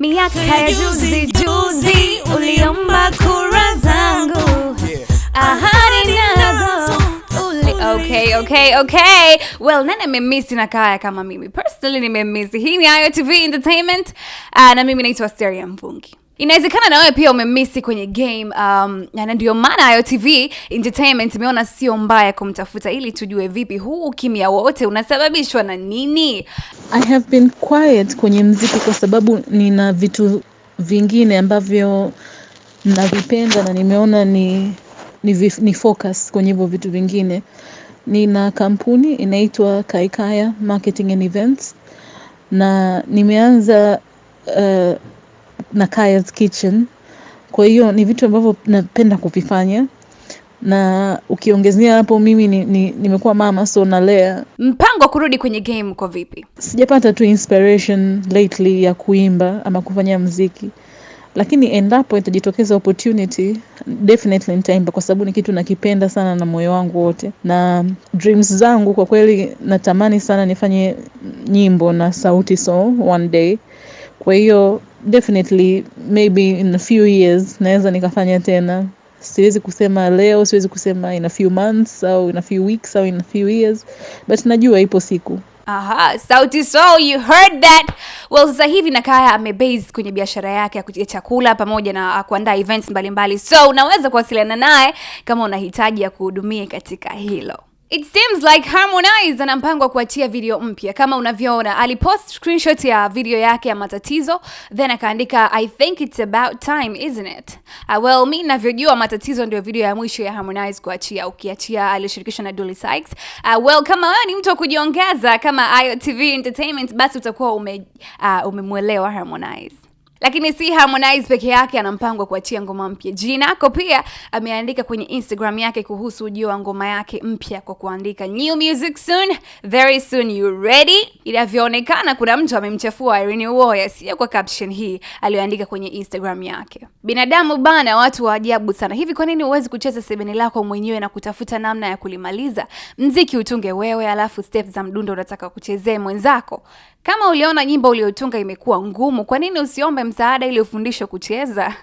miaka ya juzi juzi uliomba kura zangu ahadi nazo Okay, okay, okay. Well, nani memisi na kaya kama mimi? Personally nimemisi. Hii ni Ayo TV Entertainment. Uh, na mimi naitwa Asteria Mvungi. Inawezekana na wewe pia umemisi kwenye game um, na ndio maana Ayo TV Entertainment imeona sio mbaya kumtafuta ili tujue vipi huu ukimya wote unasababishwa na nini. I have been quiet kwenye mziki kwa sababu nina vitu vingine ambavyo navipenda na nimeona ni, ni, vif, ni focus kwenye hivyo vitu vingine. Nina kampuni inaitwa Kaikaya Marketing and Events na nimeanza uh, na Kaya's Kitchen. Kwa hiyo ni vitu ambavyo napenda kuvifanya na ukiongezea hapo mimi ni, ni, nimekuwa mama so nalea. Mpango wa kurudi kwenye game kwa vipi? Sijapata tu inspiration lately ya kuimba ama kufanya mziki, lakini endapo itajitokeza opportunity definitely nitaimba, kwa sababu ni kitu nakipenda sana na moyo wangu wote, na dreams zangu kwa kweli, natamani sana nifanye nyimbo na sauti so one day kwa hiyo definitely maybe in a few years naweza nikafanya tena. Siwezi kusema leo, siwezi kusema in a few months au in a few weeks au in a few years, but najua ipo siku. Aha, Sauti so you heard that. Well, sasa hivi Nakaya amebase kwenye biashara yake ya chakula pamoja na kuandaa events mbalimbali mbali. So unaweza kuwasiliana naye kama unahitaji ya kuhudumia katika hilo. It seems like Harmonize ana mpango wa kuachia video mpya. Kama unavyoona, alipost screenshot ya video yake ya matatizo then akaandika I think it's about time isn't it? Uh, well mi navyojua matatizo ndio video ya mwisho ya Harmonize kuachia, ukiachia aliyoshirikishwa na Dolly Sykes. Uh, well kama wewe ni mtu wa kujiongeza kama IOTV Entertainment, basi utakuwa ume, uh, umemwelewa Harmonize. Lakini si Harmonize peke yake ana mpango wa kuachia ngoma mpya. Jinako pia ameandika kwenye Instagram yake kuhusu ujio wa ngoma yake mpya kwa kuandika new music soon, very soon you ready. Inavyoonekana kuna mtu amemchafua Irene Uwoya sio kwa caption hii aliyoandika kwenye Instagram yake. Binadamu bana, watu wa ajabu sana. Hivi kwa nini huwezi kucheza sebeni lako mwenyewe na kutafuta namna ya kulimaliza? Mziki utunge wewe, alafu step za mdundo unataka kuchezea mwenzako. Kama uliona nyimbo uliotunga imekuwa ngumu, kwa nini usiombe msaada ili ufundishwe kucheza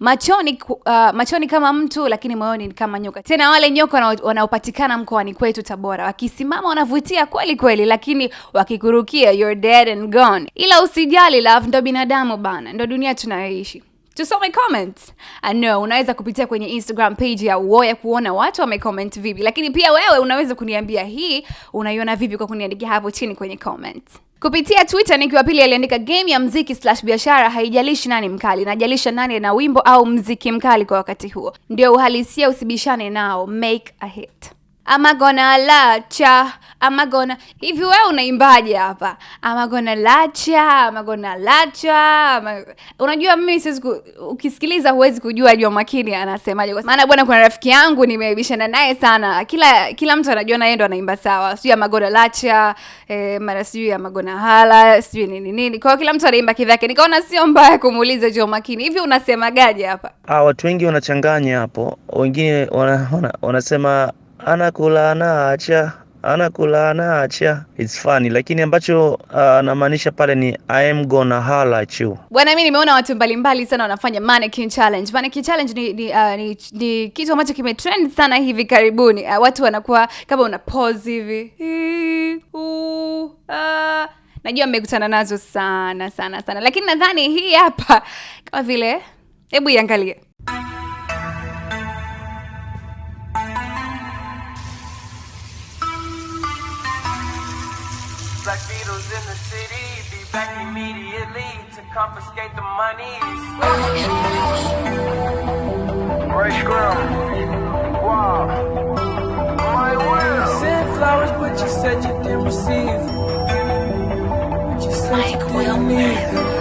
machoni, uh, machoni kama mtu lakini moyoni kama nyoka. Tena wale nyoka wanaopatikana mkoani kwetu Tabora, wakisimama wanavutia kweli kweli, lakini wakikurukia you're dead and gone. Ila usijali love, ndo binadamu bana, ndo dunia tunayoishi. Tusome comment. I ah, know unaweza kupitia kwenye Instagram page ya Uwoya kuona watu wamecomment vipi, lakini pia wewe unaweza kuniambia hii unaiona vipi kwa kuniandikia hapo chini kwenye comment. Kupitia Twitter ni wa Pili aliandika game ya mziki slash biashara, haijalishi nani mkali, najalisha nani na wimbo au mziki mkali kwa wakati huo. Ndio uhalisia, usibishane nao, make a hit. Ama gonna lacha, ama gonna hivi. Wewe unaimbaje hapa? Ama gonna lacha, ama gonna lacha ama... Unajua mimi siwezi ku... ukisikiliza huwezi kujua jua makini anasemaje, kwa maana bwana, kuna rafiki yangu nimeibishana naye sana, kila kila mtu anajua naye ndo anaimba sawa, sijui ama gonna lacha eh, mara sijui ama gonna hala sijui nini nini, kwa kila mtu anaimba kivyake. Nikaona sio mbaya kumuuliza jua makini, hivi unasemaje hapa? Ah, watu wengi wanachanganya hapo, wengine wanasema wana, wana anakula anaacha anakula anaacha it's funny, lakini ambacho uh, anamaanisha uh, pale ni I am gonna holla you bwana. Mimi nimeona watu mbalimbali sana wanafanya mannequin challenge. Mannequin challenge ni ni, uh, ni, ni kitu ambacho kimetrend sana hivi karibuni. Uh, watu wanakuwa kama una pose hivi uh, najua mmekutana nazo sana sana sana, lakini nadhani hii hapa kama vile, hebu iangalie. Black Beatles in the city, be back immediately to confiscate the money. girl. Wow. My will. You sent flowers, but you said you didn't receive. But you said Mike you didn't Will.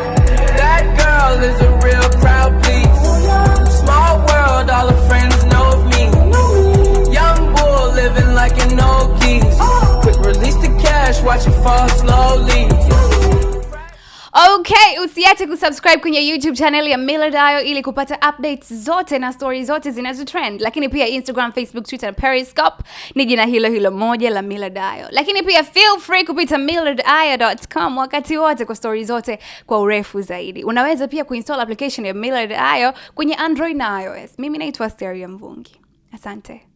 usiache kusubscribe kwenye YouTube channel ya Millard Ayo ili kupata updates zote na story zote zinazo trend lakini pia Instagram, Facebook, Twitter na Periscope ni jina hilo hilo moja la Millard Ayo. Lakini pia feel free kupita millardayo.com wakati wote kwa story zote kwa urefu zaidi. Unaweza pia kuinstall application ya Millard Ayo kwenye Android na iOS. Mimi naitwa Asteria Mvungi, asante.